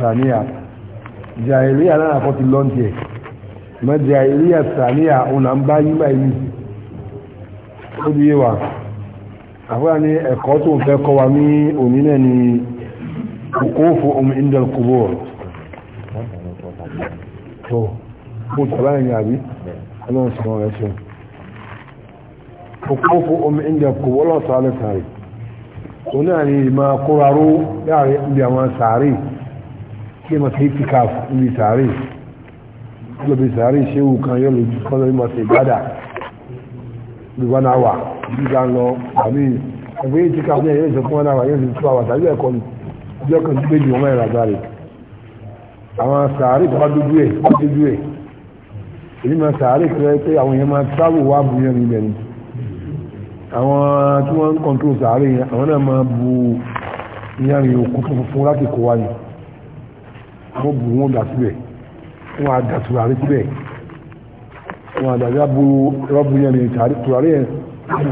sàníyà jàìríyà náà kọ́ ti lọ́ntì ẹ̀ mọ́ jàìríyà sàníyà ọ̀nà ń bá yígbà yìí ó di yíwa àfúrà ní ẹ̀kọ́ tó ni kòkófò ọmọ um indal kubo ọrụ kó tàbá ní àbí ọrụ um sọ ọrụ kí ẹ máa ṣe itikaf níbi sàárè lóbi sàárè ṣéwù kan yóò lójú kọ́lọ́ ní máa ṣe ìgbádà bí wọn náà wà bí wọn lọ àbí ẹgbẹ́ itikaf ní ẹ̀yẹ́ ìṣọ̀kan wọn náà wà yóò fi tú àwọn tàbí ẹ̀kọ́ ni ìjọ kan tó gbéjì wọn mẹ́rin àgbáre àwọn sàárè kan bá dójú ẹ̀ bá dójú ẹ̀ èyí máa sàárè kan pé àwọn èèyàn máa tábù wá bu yẹn níbẹ̀ ni àwọn tí wọ́n ń kọ́ńtró sàárè yẹn àwọn náà máa bu ìyàrin òkú funfun láti kó wáyé àwọn bù wọn dà síbẹ̀ wọn àdà tùràrí síbẹ̀ wọn àdà yàbò rọ́bù yẹn lè tàrí tùràrí yẹn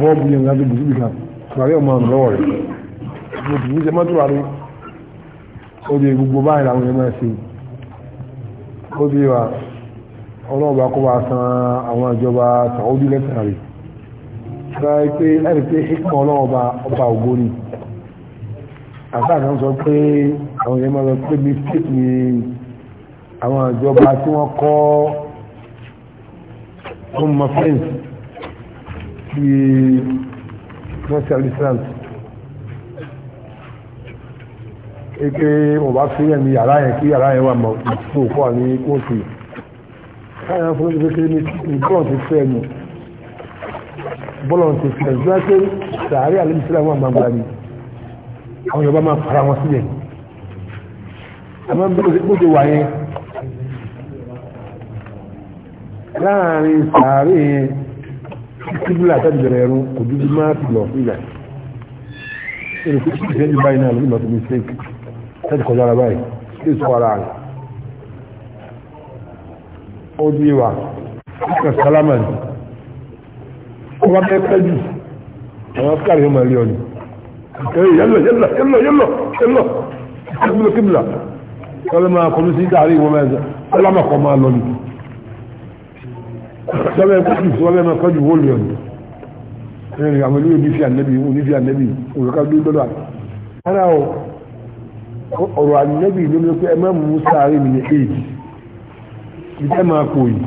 rọ́bù yẹn lábẹ́ bù síbi kan tùràrí ọmọ àmì lọ́wọ́ rẹ̀ mo bù ní sẹ́mọ́ tùràrí ó di gbogbo báyìí làwọn yẹn máa ṣe ó di wa ọlọ́ọ̀bá kó wa san àwọn ìjọba sàódì lẹ́sàn rẹ̀ sáré pé ẹ̀rì pé ìkọ̀ ọlọ́ọ̀bá ọba ògbóni àbáàdàn sọ pé àwọn èèyàn máa lọ pé mistake ni àwọn ìjọba tí wọ́n kọ́ ọmọ fẹ́ǹsì ti social distance eke wọ́n bá fi yẹn ní yàrá yẹn kí yàrá yẹn wà mọ̀ ìfún òkú àní kóòtù káyọ̀ fún ẹgbẹ́ kékeré ní bọ́ọ̀lù ti fẹ́ ẹnu bọ́ọ̀lù ti fẹ́ ẹnu bí wọ́n ṣe sàárẹ̀ àlébísílẹ̀ wọn àgbàgbà ni àwọn Yorùbá máa fara wọn sílẹ̀ ni àmọ́ bẹ́ẹ̀ sí kójú wà yẹn láàrin sàárè kíbílà tàbí bẹ̀rẹ̀ ẹ̀rùn kò dúdú máa ti lọ sí ilẹ̀ èrè kí kìí sẹ́jú báyìí náà lórí lọ́tún mistake tẹ́tì kọjá ara báyìí sí ìsọ ara rẹ̀ ó di wa kíkà sálámà ó bá bẹ́ẹ̀ pẹ́ àwọn afẹ́kàrí yóò máa rí ọ yẹ́lọ̀ yẹ́lọ̀ yẹ́lọ̀ yẹ́lọ̀ yẹ́lọ̀ kíbílà kọ́lọ́ máa kọlu sí dáàrí ìwọ́n mẹ́ta ọlọ́mọ̀kọ́ máa lọ nìyí sọ́bẹ̀ kọ́jú sọ́bẹ̀ máa kọ́jú wọ́ọ̀lù ọ̀nà ẹ̀rìn àwọn olóyè onífíà nẹ́bí onífíà nẹ́bí òrùka dúró gbọ́dọ̀ àná. ara o ọ̀rọ̀ ànẹ́bí ló ní pé ẹ má mú sáré mi ní éèdì ìjẹ́ máa kò yìí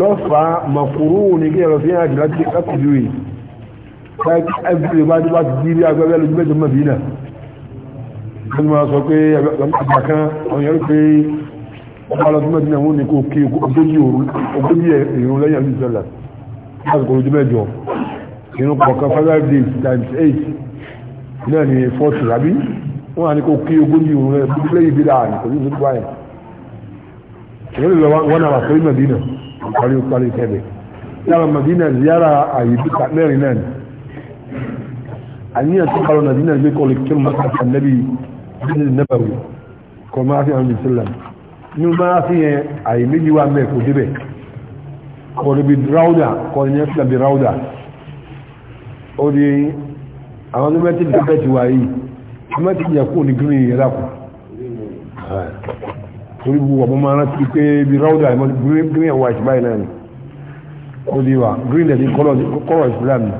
lọ́fàá màkúrú ní kí ẹ̀rọ fi hàn àjùlá ti kápẹ́jú yìí káyọ̀ ẹ̀fíìlì bá ti bá ti di ilé agbẹ́bẹ́ lójú mẹ́jọ mọ́ náà wọ́n máa sọ pé àgbàkan àwọn yẹn pé ọba lọ sí mẹ́tìnà wọn ni kò kí ogójì ìrún lẹ́yìn àti ìṣẹ̀lẹ̀ láti kò lójú kọ̀ọ̀kan five days times eight náà ni forty rabi wọ́n á ní kò kí ogójì ìrún lẹ́yìn bí láàrin kò ní ìṣẹ́ tó báyìí ìrún lọ wọn àwọn àkórí mẹ́dínà parí parí kẹ́bẹ̀ yàrá mẹ́dínà ziyara àyè bí mẹ́rin náà ni àníyàn tó kọ́ lọ mẹ́dínà gbé kọ́ lè kí bíi nẹ́bàwí kọ́ máa fi àwọn ìṣẹ́lẹ̀ ní máa fi yẹn àyè méjì wà mẹ́ kò débẹ̀ kọ́ níbi ráúdà kọ́ ní ẹ́fíà bí ráúdà ó di àwọn mẹ́tì dẹ́bẹ̀ ti wà yìí mẹ́tì yẹ kó ní gírí yẹn lápò torí bu wà mọ́ máa rántí pé bí ráúdà gírí yẹn wà ìṣìbáyìí náà ni ó di wà gírí yẹn kọ́rọ̀ ìsìlámù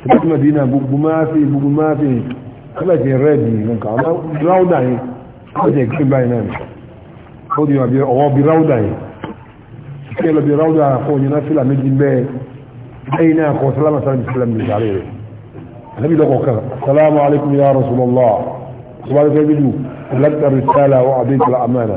tìbátìmọ̀ dínà gbogbo máa fi gbogbo máa fi kọ́lẹ̀tì rẹ́ẹ̀dì nǹkan ráúdà yìí kọ́lẹ̀tì ìgbé báyìí náà ó di ọwọ́ bí ráúdà yìí kí lọ bí ráúdà kó yín náà sílà méjì bẹ́ẹ̀ lẹ́yìn náà kọ́ sálámà sálámà sílámà ní sàárè rẹ̀ ànábì lọ́kọ̀ kan sálámà alaikum ya rasulallah ọba rẹ̀ fẹ́ jù lakta risala wa abin kala amana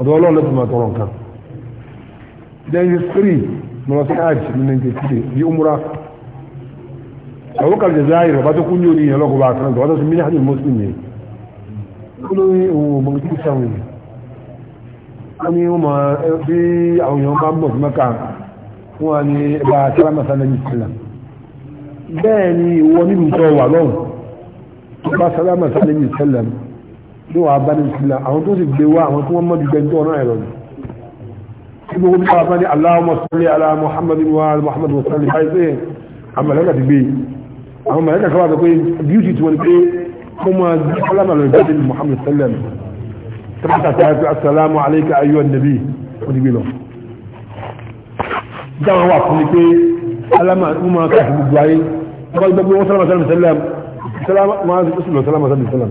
ọ̀dọ̀ ọlọ́run ló ti máa tọrọ nǹkan jẹ́yìn sírì mọ̀lọ́sí hajj ní nàìjíríà sílẹ̀ bí umra àwọn kàlẹ̀ jẹ́ àìrọ̀ bá tó kún ní orí ìyẹn lọ́kọ̀ọ́ bá kan tó wá tó sì mílíọ̀nù hajj muslim yẹn kí ló ní òun ò mọ̀lọ́sí sáwọn yẹn wọ́n ní wọ́n máa bí àwọn èèyàn bá ń bọ̀ sí mẹ́ka wọ́n á ní ẹba sálámàsá lẹ́yìn sílẹ̀ bẹ́ẹ̀ ni ìwọ nílùú tó wà lọ́hùn tó bá sálámàsá lẹ́yìn sílẹ̀ ló wà bá ní ìsìlá àwọn tó sì gbé wá àwọn tí wọ́n mọ́ ju gbẹ̀ntọ́ náà ẹ̀rọ ni tí gbogbo bí wọ́n bá ní aláwọ̀ sọ́lé ala muhammad wa muhammad wa sọ́lé báyìí pé àwọn mẹ̀lẹ́kà ti gbé àwọn mẹ̀lẹ́kà kọ́ wà pé beauty tí wọ́n ni pé kó máa gbé alámà lọ ìgbà tẹ́lẹ̀ muhammad sallam tàbátà tí a fi asalamu alayka ayyuha nabi wọ́n ti gbé lọ. dáwọn wà fún mi pé alámà ń máa kà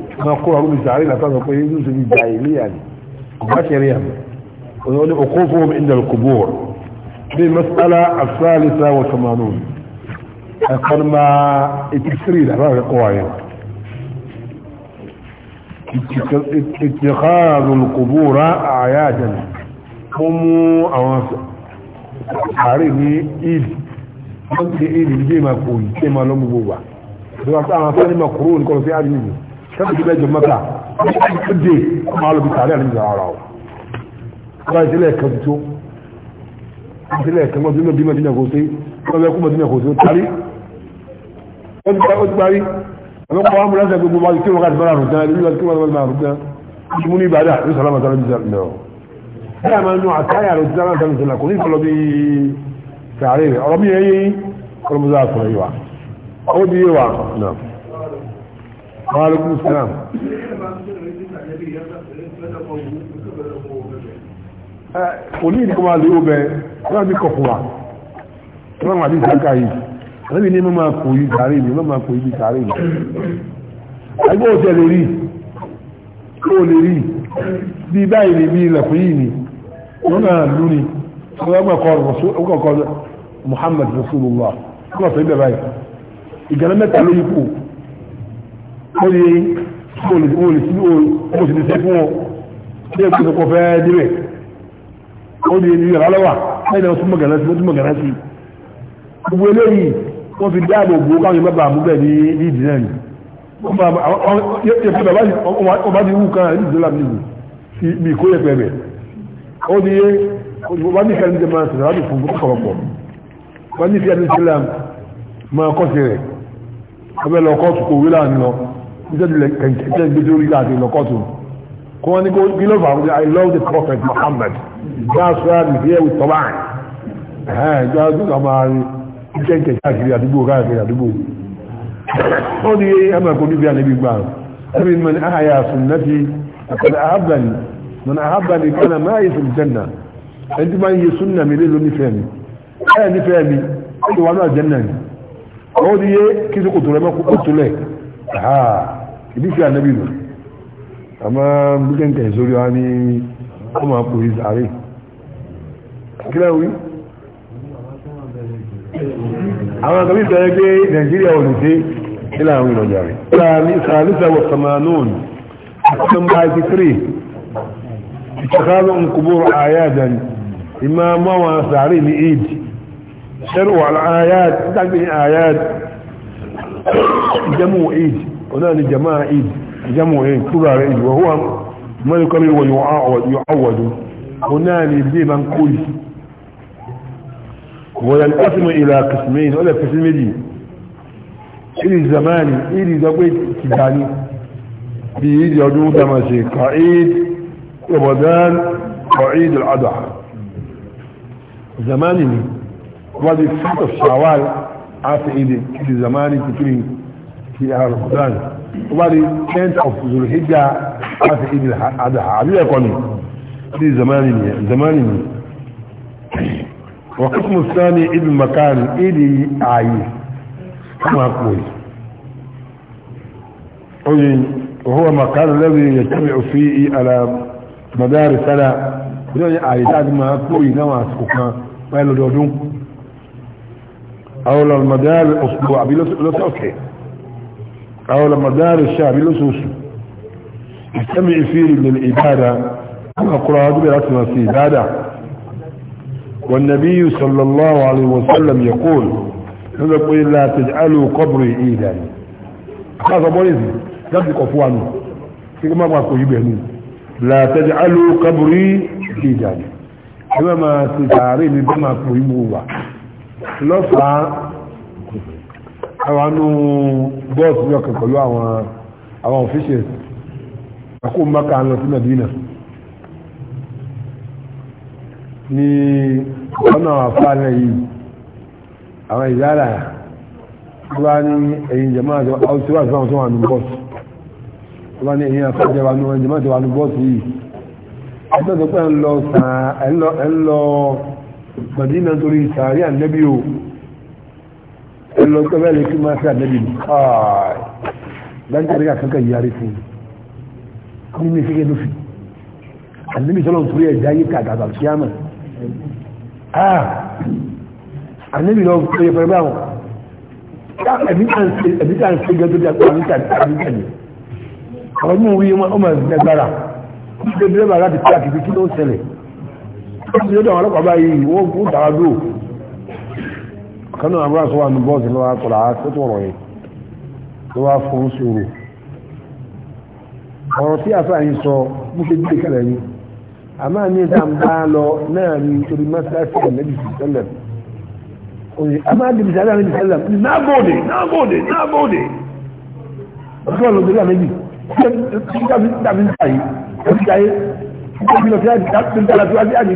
ma kó àrùn ìsàárì látàkọ pé yíò sí ní jàìlíyà ni bá ṣẹ̀rí àmì wọ́n ni ọkọ̀ fún omi ìdàlù kò bó wọ̀ bí masala asáàlì sáwọ̀ samanu ẹ̀kọ́n ma 83 lára rẹ̀ kọ́ wáyé ìtìkàrùn kò bó rá àyà àjẹ́nà ó mú àwọn sàárì ní ìd wọ́n ti ìd ìdíje ma kò yí tí ma lọ́mú gbogbo wa ìjọba àwọn afẹ́ ní ma kúrò ní kọ́ sẹ́kù tó bẹ́ẹ̀ jọ mẹ́ta ó dé ọmọ alóbi tààrí àní ìlà ara o ọba ìdílé ẹ̀kẹ́ tó ìdílé ẹ̀kẹ́ mọ́ bí mọ́ bí mọ́ bí mọ́ bí mọ́ bí mọ́ bí mọ́ tààrí ó ti parí àwọn ọmọ amúlẹ̀ ẹ̀sẹ̀ gbogbo wájú kí wọ́n káàdì bára àrùntán ẹni wíwájú kí wọ́n káàdì bára àrùntán ìdí mú ní ìbàdà ní sàlámà sàlámà ní sàlámà lọ. bẹ́ẹ̀ máa ń nu àtàyà rẹ̀ sàlámà sàlámà sàlámà kò ní sọ̀rọ̀ bí sàárè rẹ̀ ọ̀rọ̀ mi yẹn yín kọ́lọ́mùsọ̀ àtọ̀ yìí wa. ọwọ́ bí yé wa náà. Wàhálùkú Islam. Kò ní ìdíkọ́ máa lè ó bẹ, wọ́n bí kọ̀kọ̀ wà, wọ́n wà ní ìsáká yìí. Àníbi ní mọ́ máa kò yí sàárè mi, mọ́ máa kò yí sàárè mi. Ẹgbẹ́ òjẹ́ lè rí, kó lè rí, bí báyìí ni bí ilẹ̀kùn ni, ni, ó ní olùsìdíṣẹ́ fún ọ tí ẹ̀kọ́ ìsọpọ̀ fẹ́ débẹ̀ ó ní ìlú yàrá lọ́wà lẹ́yìn náà túnmọ̀ gànà sí wọ́n túnmọ̀ gànà sí gbogbo eléyìí wọ́n fi dáàbò bò káwọn yóò bá àmúgbẹ̀ ní ìdí náà ni ọba ti wú kan ní ìdílé àmì ìbí kó yẹ pẹ̀lẹ̀ ó ní ọba ní kẹrin jẹma sọ̀rọ̀ láti fún ọ̀pọ̀lọpọ̀ wọ́n ní kẹrin jẹma máa kọ́ sí rẹ̀ ọbẹ̀ lọ kọ́ tùkọ̀ wílà ń lọ ìjẹ́julẹ̀ kẹ̀kẹ́ gbẹ́jọ́ orí láti lọ́kọ́tù kó wọ́n ní kó bí lọ́fà wọ́n i love the prophet muhammad that's why i'm here with tọ́ba ẹ̀hẹ́n ìjọ ọdún kan máa rí iṣẹ́ kẹ̀kẹ́ àkiri àdúgbò káàkiri àdúgbò ó ní ẹ̀mà kò níbi àníbi gbà ẹ̀mí mọ̀ ní àhàyà sunnati àkọ́dà àhábàní mọ̀ ní àhábàní kọ́nà máa yẹ sùn jẹ́nà ẹni tí máa yẹ sunna mi lé lónífẹ̀ẹ́ nífẹ̀ẹ́ ìdíṣẹ́ ànábì nù àmọ́ gbígbẹ́ǹkẹ̀ ìsórí wa ní ọmọ àpòrí sàárè kílẹ̀ wí àwọn àkàbí sọ̀rọ̀ pé nàìjíríà ò ní sí ilẹ̀ àwọn ìrọ̀jà rẹ̀ sàlùsà wọ̀ sàmánùn àkọ́nbà ti tírì ìṣàkálù nkùbù àyájàn ìmọ̀ mọ́wọn sàárè ní eid ṣẹ́rù wà ìjẹ́mù eid ona ni jama'a id jamu yin turare id wa huwa man kami wa yu'awad yu'awad ona ni bi man kuli wa yanqasimu ila qismayn wala qismayn ili zamani ili dagwe kidani bi idi ọdún ta ma ṣe qa'id ramadan qa'id al-adha zamani ni wa di 5 of shawwal afi idi zamani kitrin في آه رمضان وبعدين كانت أو في ذو الحجة في عيد الأضحى عادي يكون دي زماني زماني وقسم الثاني عيد المكان عيد عاي كما أقول وهو مكان الذي يجتمع فيه على مدار سنة بدون عاي تاج ما أقول نوع سكما ما يلو دوجون أو المدار الأسبوع بلس أوكي حول مدار الشعب لسوسه يستمع فيه للإبادة أما قرآن برأسنا في إبادة والنبي صلى الله عليه وسلم يقول نقول لا تجعلوا قبري إيدا هذا بوليسي قبل قفوانه كما ما أقول يبهنون لا تجعلوا قبري إيدا كما ما تجعلين بما أقول يبهنون lọ́fàá àwọn anú bọ́ọ̀sì ní ọkàn pẹ̀lú àwọn àwọn officials àkó mbàkà ń lọ sí Medina ní ọ̀nà àfáàlẹ̀ yìí àwọn ìyára tó bá ní ẹ̀yìn jẹ̀mọ́ àti ọ̀sẹ̀ wà fún àwọn tó wà ní bọ́ọ̀sì tó bá ní ẹ̀yìn àfáàjẹ̀ wà ní jẹ̀mọ́ àti wà ní bọ́ọ̀sì yìí ẹ̀tọ́ tó pẹ́ ń lọ sàn ẹ̀ ń lọ Medina torí sàárì ànẹ́bí o ẹlọ tó bẹ́ẹ̀ lè kí máa fẹ́ àdẹ́bì ní káàì láńkàrí àkọ́kọ́ ìyárí fún un nínú ìṣẹ́gẹ́ ló fi àdẹ́bì sọ́lọ́ torí ẹ̀dá yìí kàgàgà sí àmà àdẹ́bì lọ tó yẹ pẹ̀lú àwọn ẹ̀bí tá à ń ṣe gẹ́gẹ́ bí àmì tàbí àwọn mú wí ọmọ ẹgbẹ́gbára kí ló dé bá láti pé kan náà bá sọ́wọ́ àmì bọ́ọ̀sì lọ́wọ́ àtọ̀rọ̀ àtọ̀rọ̀ yìí ló wá fún sòrò ọ̀rọ̀ tí àfà yìí sọ mú ṣe gbé kalẹ̀ yìí àmà ní ìta ń bá lọ náà ní torí mọ́sálásí àlẹ́bí sẹ́lẹ̀ òye àmà àdìbì sẹ́lẹ̀ àlẹ́bí sẹ́lẹ̀ nábòdè nábòdè nábòdè ọjọ́ ọlọ́dẹ àlẹ́bí tàbí tàbí tàyè tàbí tàyè tàbí tàbí tàbí tàbí tàbí tàbí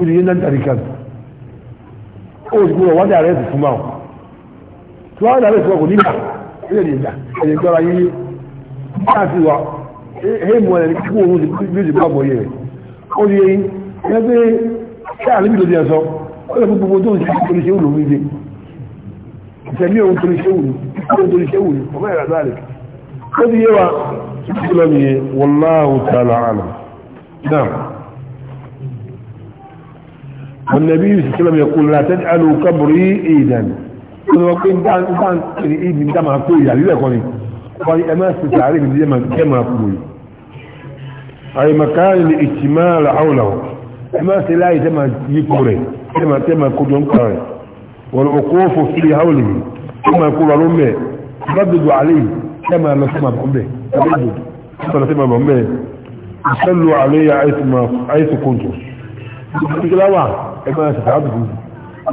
tàbí tàbí tàbí ó ti gbọ́dọ̀ wọ́n dàrẹ́ ìfún máa tí wọ́n dàrẹ́ ìfún ọkùnrin nígbà ilé ìgbà èdè gbọ́ra yí láti wà éèmù ẹ̀rẹ́ kí kó oòrùn bí ìdìbò àbọ̀ yẹ̀ ó di eyín ẹgbẹ́ kí àlébì ló di ẹ̀sọ́ ó lè fún gbogbo tó ń ṣe torí ṣe wùlò wíde ìṣẹ̀lẹ̀ òun torí ṣe wùlò òun torí ṣe wùlò ọmọ ìrà dáàlẹ̀ ó di yé wa kí lọ́mìí wọláhù tààlà àná náà والنبي صلى الله عليه وسلم يقول لا تجعلوا قبري عيدا وقال دان دان عيد ده ما كوي يعني ده كوني قال اما استعاري دي ما كما كوي اي مكان الاجتماع حوله اما سلاي ده ما يكوري كما كما كودون كاري والوقوف في حوله كما يقول رمي ردد عليه كما نسمع بأمه تبدد كما نسمع بأمه صلوا علي عيث ما عيث كنتم تقلوا ايكونا تتعبدوا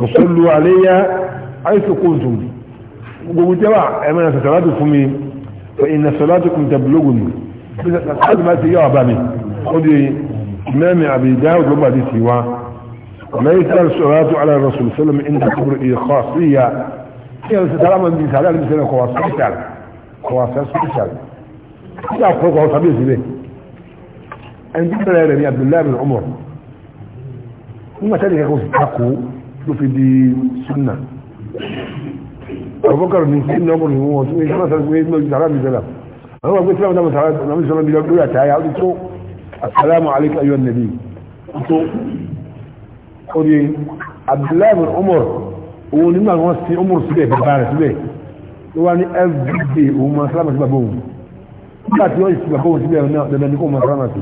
وصلوا عليا حيث كنتم وجماعة ايكونا تتعبدوا فمي فإن صلاتكم تبلغني حد ما تيجي عبامي خذي إمام أبي داود لما دي سوا ما يسأل صلاته على الرسول صلى الله عليه وسلم عند قبره خاصية يا سلام من بيسال على مثلا خواص سبيشال خواص سبيشال يا فوق هو سبيشال عندي بلاد عبد الله بن عمر nígbà tẹ́lẹ̀ kẹ́kọ̀ọ́ sì takò ló fi di súnà ọ̀bọ̀kọ̀rọ̀ ní sí nọ́ọ̀bù ní wọn tún ìṣẹ́ náà pé ní sàrà mi sẹ́là àwọn ọgbẹ́ sẹ́là náà sàrà náà sọ́nà bí lórí àtàyà ó ti tó asàlámù alayka ayyuhan nabi ó tó ó di abdullahi bin umar òun nígbà wọn sí umar síbẹ̀ bàbá rẹ̀ síbẹ̀ ó wá ní everyday òun máa sàlámù sí bàbá òun nígbà tí wọ́n sì bàbá òun síbẹ̀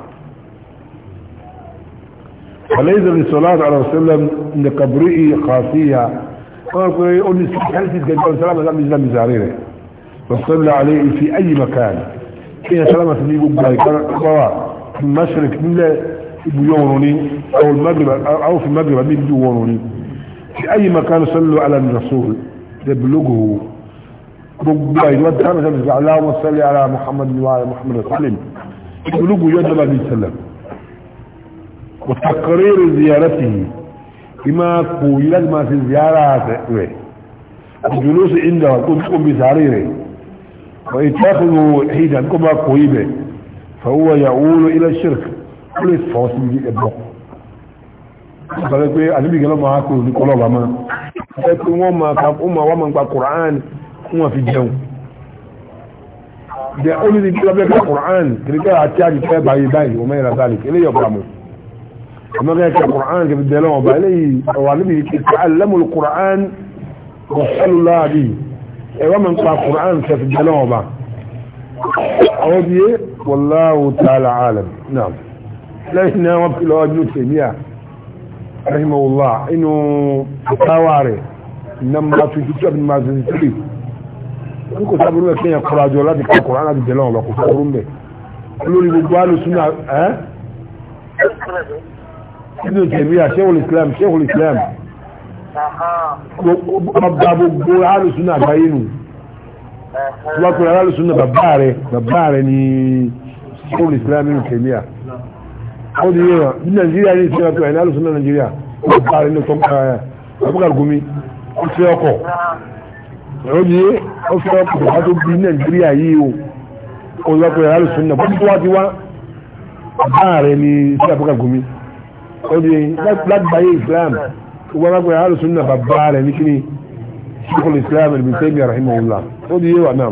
فليس للصلاة على رسول الله لقبره خاصية قال إيه؟ لي هل قال سلامة لم يزلم زاريره فصلى عليه في أي مكان كيف إيه سلامة كان بلاي في المشرك من ابو يونوني أو المغرب أو في المغرب من ابو يونوني في أي مكان صلوا على الرسول يبلغه بلاي ودهر اللهم صل على محمد وعلى محمد الله وسلم يبلغه يدنا عليه وسلم وتقرير زيارته بما قويل ما في الزيارة الجلوس عنده قم بسعريره وإتاخذه حيدا كما قويبه فهو يعول إلى الشرك كل الفوس من البق فلقوا أنا بيجي لما أقول نقول الله ما فلقوا وما كان أمة وما القرآن أمة في الجو ده أولي دي بلا بلا القرآن كريكا أتاجي كيف باي باي وما إلى ذلك إليه يبرمه أما قالت القرآن كيف الدلوة بأليه وعلمه تعلموا القرآن واسألوا الله به ومن قال القرآن كيف الدلوة بأ أودي والله تعالى عالم نعم لكن وابك له أجل تيمية رحمه الله إنه تاواري إنما تجد ما تجد wọ́n kò sábúrú ẹ̀ kéèyàn kọ́ra jọ láti kọ́ kọ́ra láti jẹ́ lọ́wọ́ lọ́kọ̀ sábúrú mẹ́ lórí gbogbo alùsùn náà ẹ́ ibn taymiya sheikhul islam sheikhul islam ọba gbogbo alùsùnà àgbáyé nù wọ́n kúrò alùsùnà bàbá rẹ̀ bàbá rẹ̀ ní sheikhul islam ibn taymiya ó di yíra ní nàìjíríà ní ìsinmi àpẹẹrẹ ní alùsùnà nàìjíríà ó bá rẹ̀ ní tọ́ka abúkàr gumi ó fẹ́ ọkọ̀ ó di yé ó fẹ́ ọkọ̀ bàbá tó bí nàìjíríà yìí o ó lọ́kùnrin alùsùnà bó ti wá ọdún lágbàáyé islam wọ́n lágbàáyé alùsùn náà bàbá rẹ̀ ní kíni ṣíkùn islam ibn Taymiyyah rahimahullah ó di yéwà náà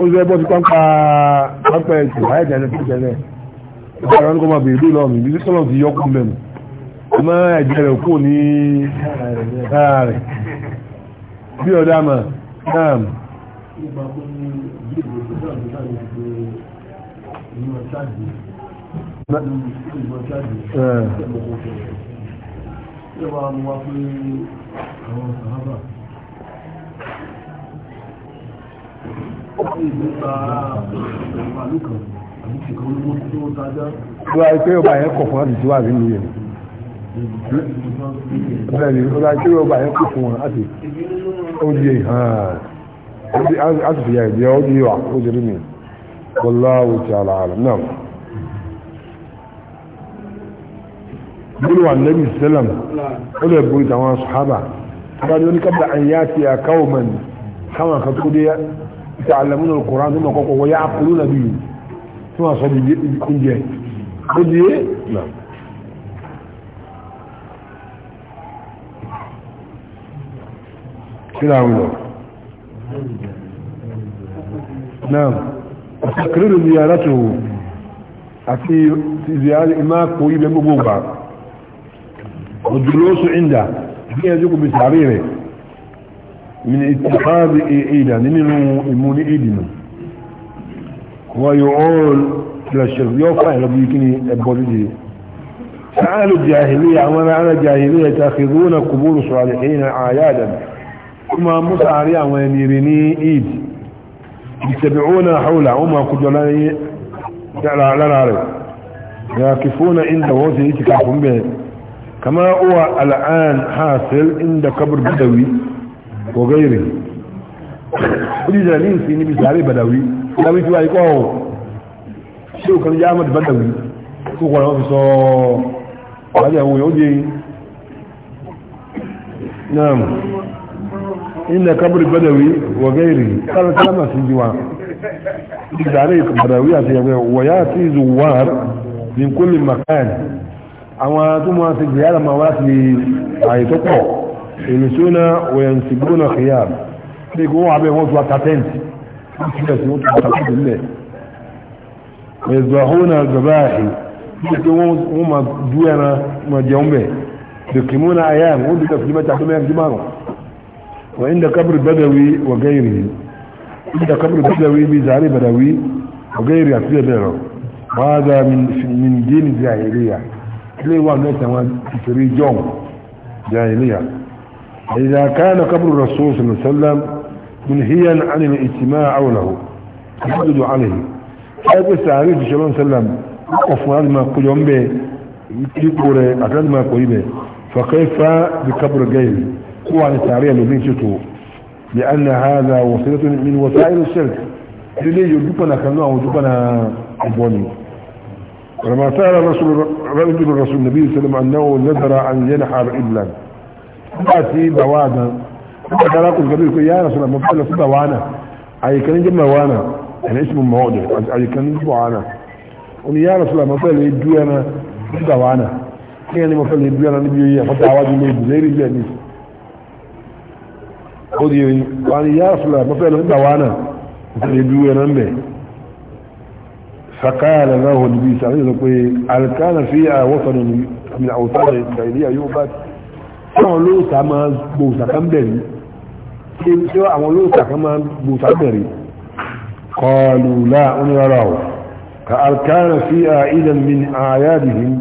ó sì ẹgbọ́ ti pánpá pápá ẹ̀tù ayẹ́jà ní pẹ̀lẹ̀ ìgbà àwọn ọkọ̀ máa bèèrè lọ́mí bí sí tọ́lọ̀ ti yọkùn mẹ́nu ọmọ ẹ̀jẹ̀ rẹ̀ kú ní ààrẹ bí ọ̀dá mà náà Ìwà ìpé ọba yẹn kọ̀ fún láti jíwà rí ní ẹ̀. Bẹ́ẹ̀ni, ọba ìpé ọba yẹn kọ̀ fún wọn láti ó di èyí hàn án. Ó di àtìfìyà ìdí ọ́ di ìwà ó di rí mi. والله تعالى عالم نعم قلوا عن النبي صلى الله عليه وسلم قلوا يا بويت عن صحابة قالوا لي قبل أن ياتي قوما كما خطوا لي يتعلمون القرآن ثم قلوا ويعقلون به ثم صلي يكون جاهد قلوا نعم كده عملوا نعم ọ̀sẹ̀kìrìrì ni yàrá tó wù àti ìzìyàrí máa kó ibẹ̀ gbogbo gbà ojúlóṣù ìndà bí ẹjọ́ kò bí sàárì rẹ̀ min ìtàkàbí ìdà nínú ìmúni ìdìnà wọ́n yóò ọ́rùn tilẹ̀ṣẹ̀ yóò fà ìrọ̀bí kí ni ẹ̀bọ́ dídì سألوا الجاهلية وما أنا جاهلية تأخذون قبور صالحين عيادا كما مسعريا وينيرني إيد يتبعون حوله وما كجلاني على ناره يكفون عند وزن يتكافون به كما هو الآن حاصل عند قبر بدوي وغيره ولذا لين في نبي بدوي بدوي في وايقوه شو كان جامد بدوي وقال هو في صور هذا هو يوجي نعم inda kabir badawi wa gairi kala kalama sun jiwa idare badawi àti yawe wa ya ti zuwar min kulli makan àwọn tó ma ti ziyara ma wati ay to ko ilisuna wa yansibuna khiyar ni go abe won wa patent ti da sun ta ta dille wa yazbahuna al-zabahi ti won ma duena ma jombe yukimuna ayam won bi tafsima ta kuma yakimaro وعند قبر بدوي وغيره عند قبر بدوي بزعري بدوي وغيره في بيرو وهذا من من دين الجاهلية هو وانا ما في جون جاهلية إذا كان قبر الرسول صلى الله عليه وسلم منهيا عن الاجتماع حوله يحدد عليه هذا السعري صلى الله عليه وسلم وقفوا هذا ما يوم به يقول ما قلهم فكيف بقبر غيره قوة لتعريه لبنشته لأن هذا وسيلة من وسائل الشرك اللي يجبنا كنوع وجبنا أبواني لما سأل رسول رجل الرسول النبي صلى الله عليه وسلم أنه نذر أن ينحر إبلا اتي بوادا فقال أقول قبيل يا رسول الله مبالة صدى وانا أي كان يجمع وانا أنا يعني اسم موضع أي كان يجمع وانا قل يا رسول الله مبالة يدوي أنا صدى وانا يعني مبالة يدوي أنا نبي يفتح عواجه ليه بزيري جانيس ó di yìí wọ́n ni yára fúlà mọ́fẹ́ lọ nígbà wánà nítorí bí wẹ́n náà mẹ́ sàkáyàlẹ̀ náà hàn níbi ìsàlẹ̀ ìlú pé alkana fi àwọ́sàn ní àwòsàn ìdàìlíyà yóò bá táwọn olóòtà máa gbòòsà kan bẹ̀rẹ̀ tí àwọn olóòtà kan máa gbòòsà bẹ̀rẹ̀ kọlù láà ń rárá o ka alkana fi à ìdàn àyàdìhìn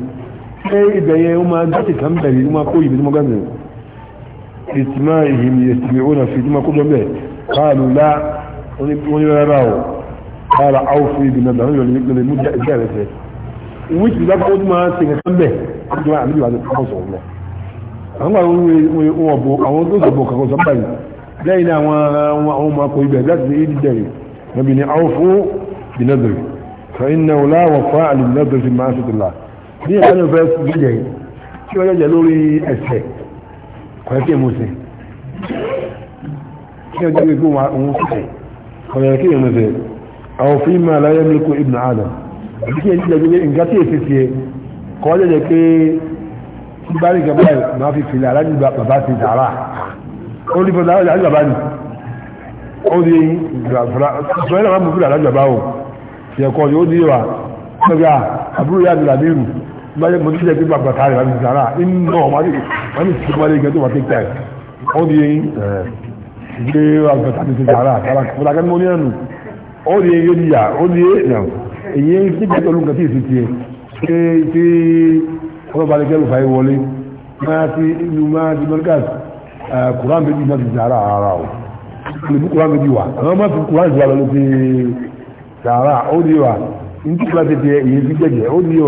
ṣé ìbẹ̀yẹ ó máa jáde kan bẹ̀rẹ̀ ó máa kó ìbí tí mo gán اجتماعهم يجتمعون في جمع كلهم به قالوا لا ونبقى نراه قال اوفي بالنظر للمدة الجالسة ويش بذلك قد ما سيكون به قد ما هذا الحوصة والله àwọn ọ̀bọ̀ àwọn tó sọ̀bọ̀ kankan sọ́bà yìí lẹ́yìn àwọn àwọn ọmọ akọ̀ ibẹ̀ láti ṣe ìdí dẹ̀rẹ̀ ẹbí ni àwọn fún ìnádọ̀rẹ̀ fa iná láwọ̀ fún àlìmínádọ̀rẹ̀ fi máa ní ẹ̀ka ní ọ̀fẹ́ sí ìdí tí wọ́n jẹ́jẹ́ lórí ẹ̀sẹ̀ kọ̀yẹ́kẹ́ mọ́sẹ̀ kí ọjọ́ gbogbo wọn fẹ́ kọ̀yẹ́kẹ́ mọ́sẹ̀ àwọn fi ma láyé mẹ́kọ̀ ibn adam àti kí ẹjọ́ gbogbo nǹkan tí èsì fi ẹ kọ́ jẹ́ pé tí bá ní gaba ẹ̀ máa fi fìlà alájú bàbá ti dàrá ó ní fọ́nà alájú bàbá ni ó ní ìgbàfúra sọ báyẹ̀ mo ti jẹ́ pé bàbá tààrí láti sàárà nínú ọmọdé wọ́n ní tí wọ́n lè gẹ́ tó wà tẹ́kẹ́ ó di eyín gbé àgbà tààrí ti sàárà tààrà fúlàkẹ́ ní oníyànnù ó di eyín yóò yà ó di eyín èyí ti jẹ́ pẹ̀lú nǹkan tí èsì tiẹ̀ ṣé tí wọ́n bá lè gẹ́rù fàáyé wọlé máa ti inú máa ti mẹ́ríkàs kùrán méjì náà ti sàárà ara o lè mú kùrán méjì wà àwọn máa fi kùrán ìjọba lọ ó di wà ní tí kùrán ti tiẹ̀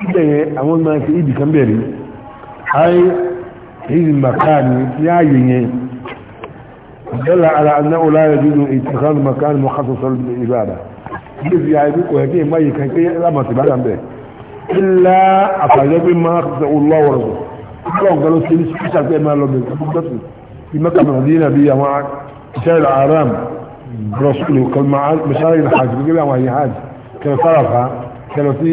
síbẹ̀ yẹn àwọn máa ṣe ìdì kan bẹ̀rẹ̀ ayé èyí màkáàní ní ààyè yẹn dọ́là ara anáwó láyé nínú ìtàkánù màkáàní mọ́ kásán sọ́rọ̀ ìbára ilé fi àyè kò ẹ̀ kí ẹ̀ máyè kan pé lámàtì bá dà bẹ̀ ilá àfàjẹ́ pé máa sọ olówó rẹ̀ ọlọ́run kan ló ṣe ní ṣíṣà pé máa lọ bẹ̀rẹ̀ kẹlọ sí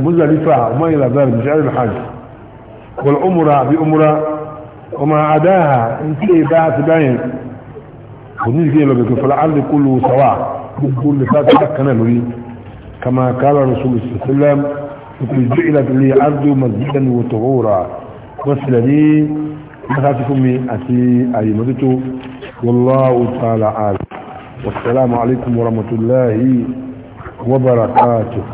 مزدلفة آه، آه، وما إلى ذلك مش عارف حاجة والعمرة بأمرة وما عداها انتهي باعت باين ونيجي كده لو فالعرض كله سواء كل فات حقنا نريد كما قال الرسول صلى الله عليه وسلم جعلت لي عرض مسجدا وطهورا وصل لي مخاتكم أتي أي مدته والله تعالى عالم والسلام عليكم ورحمة الله وبركاته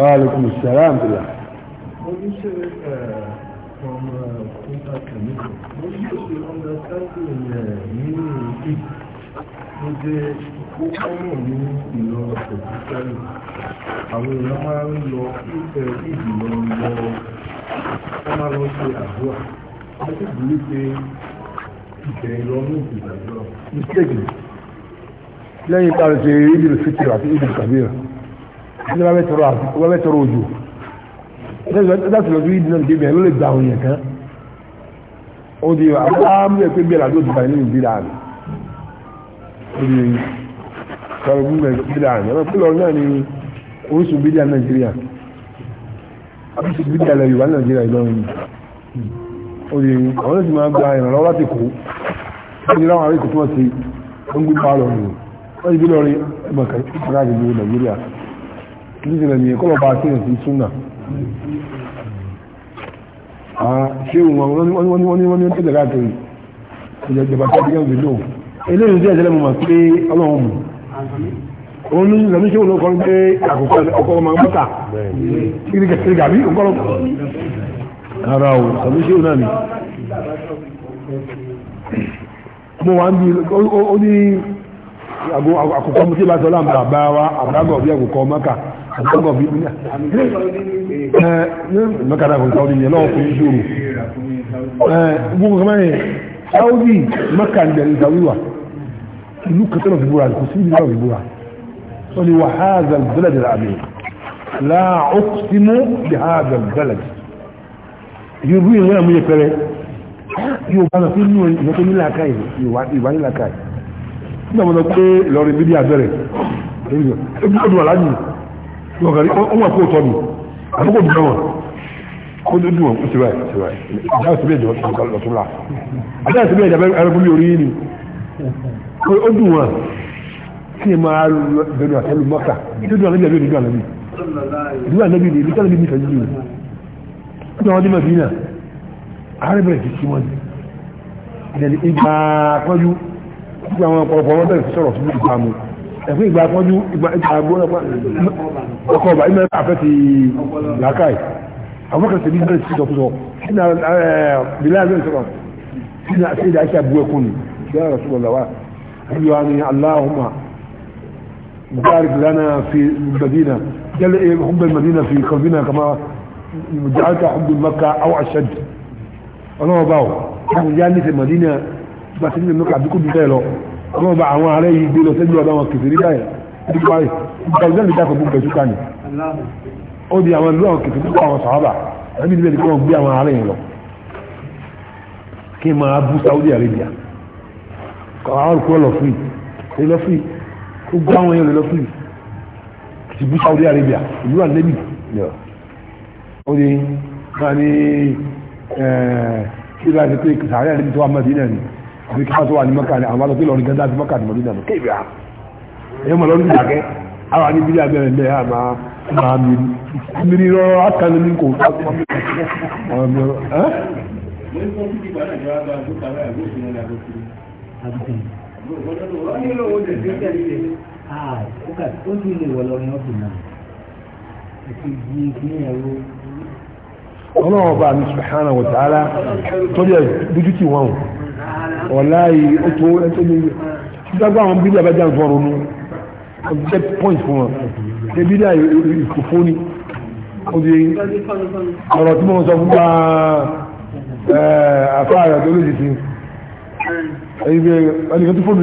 وعليكم السلام بالله ó kọ́mọ̀ ní ìlọ òkútẹ́lù àwọn èèyàn máa ń lọ ìfẹ́ ìdìlọ lọ wọ́n máa lọ ṣe àdúrà wọ́n sì bìí pé mistake lẹ́yìn tàbí ṣe ìdìbò fìtìrì àti ìdìbò kàbíyà ní wọ́n bẹ́ tọrọ òjò láti lọ sí ìdìbò náà débẹ̀ ló lè gba àwọn èèyàn kan ó di àmú ẹ̀ pé bí ẹ̀rọ àjọ òdìbò nínú ìdílé àmì ó di sọ̀rọ̀ gbúgbẹ̀ ìdílé àmì ẹ̀rọ pílọ̀ náà ni orísun bídíà Nàìjíríà orísun bídíà lẹ́yìn wà Nàìjíríà Ìlọrin oye àwọn èsì máa gba ìrànlọ́wọ́ láti kú ní láwọn àríkù tó wọ́n ti ń gbé pa lọ rìn wọ́n ti bí lọ rí ẹgbẹ̀kẹ́ ìpàdé nàìjíríà ní ìṣẹ̀lẹ̀ ní ẹ̀kọ́ lọ́ba sí ẹ̀sìn súnà ṣé wọn ni wọ́n ní tẹ̀lé káàkiri ìjọba tó dìgbà gbé lóhùn eléyìí tí ẹ̀jẹ̀ mọ̀ pé ọlọ́run mú òun ní ìlànà ìṣẹ́wọ̀n ló kọ́ pé àkókò ọkọ̀ ọmọ mọ́ta kíríkà bí òun kọ́ lọ́kọ̀ ara o tàbí ṣe náà ni mo wà ń bí ó ní àkùkọ mú sí láti ọlọ́mọ àbá wa àbágọ̀ bí àkùkọ mọ́kà àbágọ̀ bí mọ́kà náà kò sáwọn ìyẹn lọ́wọ́ fún ìṣòro gbogbo kan mẹ́rin sáwọ́dì mọ́kà ń bẹ̀rẹ̀ ìdáwíwà ìlú kẹtọ́nà fi búra kò sí ìlú náà wọ́n ni wà háàzà bẹ́lẹ̀dẹ̀ láàbẹ̀ láà ó sì mú bí háàzà bẹ́lẹ̀dẹ̀ yorùbá yìí náà mú yẹ pẹrẹ yorùbá náà fi ní ìyẹn tó ní làákàyè ìwà ní làákàyè nígbà wọn pé lọrin bíbí abẹrẹ ebi ọdún aláàjì ọgàrí ọmọ àpò òtọ mi àbúkò dùn náà ó dún dùn ó ti báyìí ti báyìí ìjà òsì bẹ́ẹ̀ jọ lọ́tún la àjà òsì bẹ́ẹ̀ jàbẹ́ ẹranko mi ní àwọn dímọ̀ bínà àárẹ̀bẹ̀rẹ̀ ti kí wọ́n ní ìdẹ̀lẹ̀ ìgbà pọ́jú ìgbà àwọn ọ̀pọ̀lọpọ̀ wọ́n bẹ̀rẹ̀ sọ̀rọ̀ fún ìgbà mú ẹ̀fún ìgbà pọ́jú ìgbà ọkọ̀ọ̀bà ìmọ̀ àfẹ́ ti làákàì àwọn kan tẹ̀lé bẹ̀rẹ̀ sí sọ̀kúsọ̀ sínú bíláàbẹ̀ sọ̀rọ̀ sínú àṣẹ ìdá iṣẹ́ àbúrẹ́ kún في المدينة جل إيه هم بالمدينة في قلبنا كما ja'alta abdu makkah aw ashad ọlọ́wọ́ bá ọ̀ káwọn yá nífẹ̀ẹ́ madina bá sí nífẹ̀ẹ́ mẹ́ka àdúkù bíbẹ́ lọ ọlọ́wọ́ bá àwọn ará yìí gbé lọ sẹ́jú ọ̀dọ́ wọn kìfìrí báyìí nípa rẹ̀ nípa ìjọba ìjà kò gbogbo ìṣúká ni ó di àwọn ìlú àwọn kìfìrí kó àwọn sàábà ẹbí níbẹ̀ kí wọ́n gbé àwọn ará yìí lọ kí n máa bú Saudi Arabia àwọn kúrò lọ fún yìí lọ fún yìí ó gbá àwọn yẹn lọ fún yìí kìtì bú Saudi Arabia ìlú àlẹ́bì yọ̀ orí máa ní kí láì fi pé sàárẹ̀ níbi tó wà mẹ́dínà ni àbí kí wọ́n tó wà ní mọ́kà ni àwọn alọ́pẹ́ lọ́rin gẹ́gẹ́ àti mọ́kà ní mọ́dínà kéèbì à ẹ̀yọ́ mọ̀ lọ́rin ìdàgẹ́ àwọn àní bílí abẹ́rẹ́ ilẹ̀ àmà máa mi mírí rọ àtàlẹ́ ní kò wọ́n ah, ti lè wọ̀ lọ́rin ọ̀sìn náà ẹ̀sìn ẹ̀rọ ọlọ́wọ́ bá mi subhana wa ta'ala torí ẹ̀ dójútì wọn wọláyé ó tó ẹtọ́jú gbogbo àwọn bíbí abájá nǹkan ronú ọjọ́ point fún wọn ebi dá ìkòfó ni obìnrin ọ̀rọ̀ tí mo sọ fún wa àfa rẹ̀ tó lójì sí ẹni bí ẹni kan tó fóònù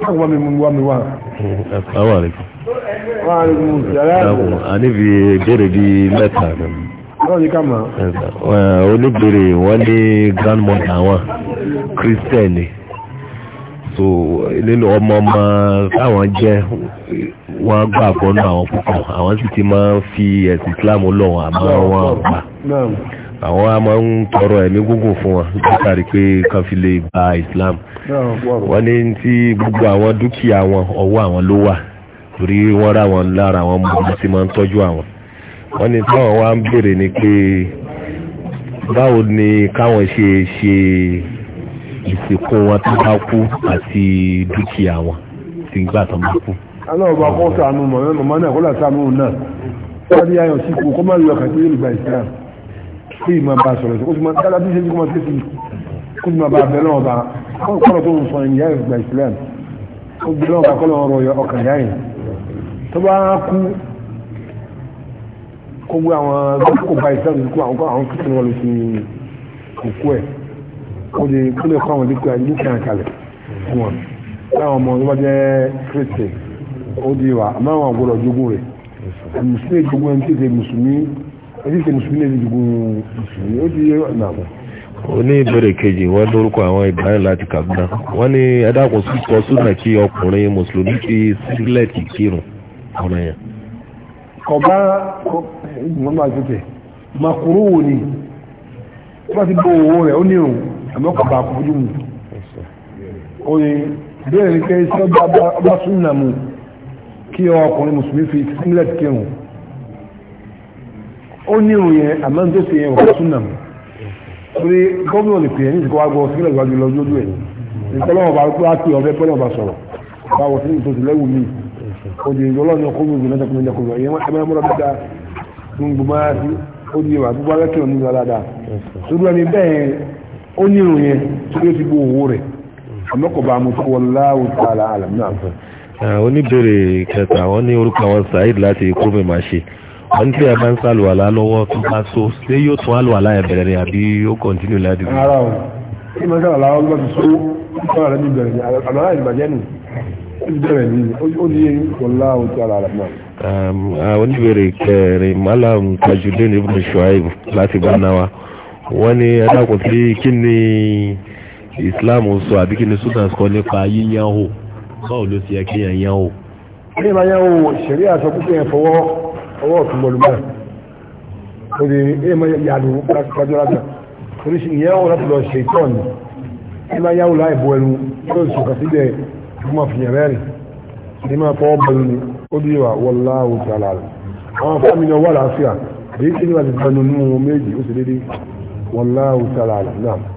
wọ́n mi wọ́n mi wá. Assalamu alaikum. Wa alaikum salaam. àní fi béèrè bíi mẹ́ta nínú onígbèrè wọ́n ní grandmother wọn christian so nínú ọmọ ọmọ táwọn jẹ́ wọ́n gbà fọ́nà àwọn púpọ̀ àwọn sì ti máa ń fi ẹ̀sìn islam lọ́wọ́ àmọ́ wọn gbà àwọn a máa ń tọrọ ẹ̀mí gúngùn fún wọn látàrí pé kan fi lè gba Islam wọ́n ní tí gbogbo àwọn dúkìá wọn ọwọ́ àwọn ló wà torí wọ́n rà wọn lára àwọn ọmọ tí máa ń tọ́jú àwọn wọ́n ní táwọn wá ń béèrè ni pé báwo ni káwọn ṣe ṣe ìsìnkú wọn tó bá kú àti dúkìá wọn ti gbà tó bá kú. aláwọ̀bá kọ́ sànù mọ̀ mọ́ náà kó là náà wọ́n ní ayọ̀ sí kú kó má lọ kàkiri ìgbà ìsìlámù kí ìmọ̀ bá sọ̀rọ̀ sí kó sì máa dára bí ṣe kó máa tẹ́sí kó sì máa bá abẹ́ náà bá kọ́nà tó ń sọ ìyá ìgbà Islam ó bí náà bá kọ́nà ọ̀rọ̀ ọkàn ìyá yìí tó bá kú kó gbé àwọn kó bá Islam kó àwọn kó àwọn kìtìnì wọn lè fi òkú ẹ̀ kó lè kó lè kó àwọn ìdíkù ẹ̀ ní kàn kalẹ̀ fún wọn láwọn ọmọ tó bá jẹ́ Christian ó di wa àmọ́ àwọn àgbọ̀dọ̀ jogún rẹ̀ mùsùlùmí jogún ẹni tí ì èyí ṣe mùsùlùmí èyí gbogbo mùsùlùmí ó ti yẹ ọ̀nà àbọ̀. oní ìbéèrè kejì wọn lórúkọ àwọn Ibrahim láti Kaduna wọn ní ẹdáàkùn sọ súnà kí ọkùnrin mùsùlùmí fi sílẹ̀tì kírun ọ̀rọ̀ yẹn. kọba ìgbìmọ̀ máa ti tẹ̀ makuru wo ni wọ́n bá ti bọ́ owó rẹ̀ ó ní òun àmọ́ kọba kò fojú mu. oye bẹ́ẹ̀ ni kẹ́ sọ́ba ọba súnà mu kí ọkùnrin mùsùlùmí fi sílẹ̀tì kírun ó ní òun yẹn àmọ́ tó ṣe yẹn wà tún nà mọ́ torí gómìnà lè pè é ní ìsìnkú wa gbọ́ sílẹ̀ ìwájú lọ lójú ẹ̀ ìtọ́lọ́wọ́ bá wá pé ọ̀fẹ́ pẹ́lú ọba sọ̀rọ̀ bá wọ̀ sí ìtòsí lẹ́wù mí òdì ìjọlọ́ọ̀ni ọkùnrin ògùn lọ́jọ́ kùnrin ọkùnrin ẹ̀yẹ́ ẹ̀mọ́ mọ́ra dídá ń gbọmọ́ sí ó di ìwà gbogbo alẹ́ kìlọ̀ nígbà dáadáa sódú ẹni bẹ́ẹ̀ ó ní irun yẹn tí ó ti bu òwò rẹ̀ àmọ́ kò bá mu tó wọ láwù tó àlà àlàmú náà fún. oníbèrè kẹta wọ́n tí ẹ bá ń sàlùwàlá lọ́wọ́ tó bá so ṣé yóò tún àlùwàlá ẹ̀ bẹ̀rẹ̀ rẹ̀ àbí yóò kọ̀ntínú láti rí. ara o tí mo sàlùwàlá wọn gbọ́dọ̀ so sọ́ra rẹ̀ ní bẹ̀rẹ̀ ní àmàlà ìbàjẹ́ nù ó ti bẹ̀rẹ̀ ní ó ní eyín kọ̀ọ̀lá o ti ara rẹ̀ náà. àwọn oníbèrè kẹrin malam tajudeen ibn shuaib láti gbanawa wọ́n ní ẹ dákun tí kí ni islam sọ àbí kí ni sudan sọ nípa yíyan o báwo ló ti yẹ kí yẹn yan o. ní ìbáyẹn o ṣẹ̀rí àṣọ ọwọ́ ọ̀tún bọ̀lù mẹ́rin ó di èèmọ̀ yàdù kájọ́lájà oríṣi ìyẹn wọn láti lọ ṣe ìtọ́ ni ẹ máa yáwó láì bo ẹnu tó ń sọ̀kà síbẹ̀ tó máa fìyàn mẹ́rin ní máa fọwọ́ bọ̀lù ni ó di wà wallahu ta'ala rẹ̀ àwọn fámìlì ọwọ́ àlàáfíà èyí tí ní wà ti bẹnu nínú méjì ó sì dédé wallahu ta'ala náà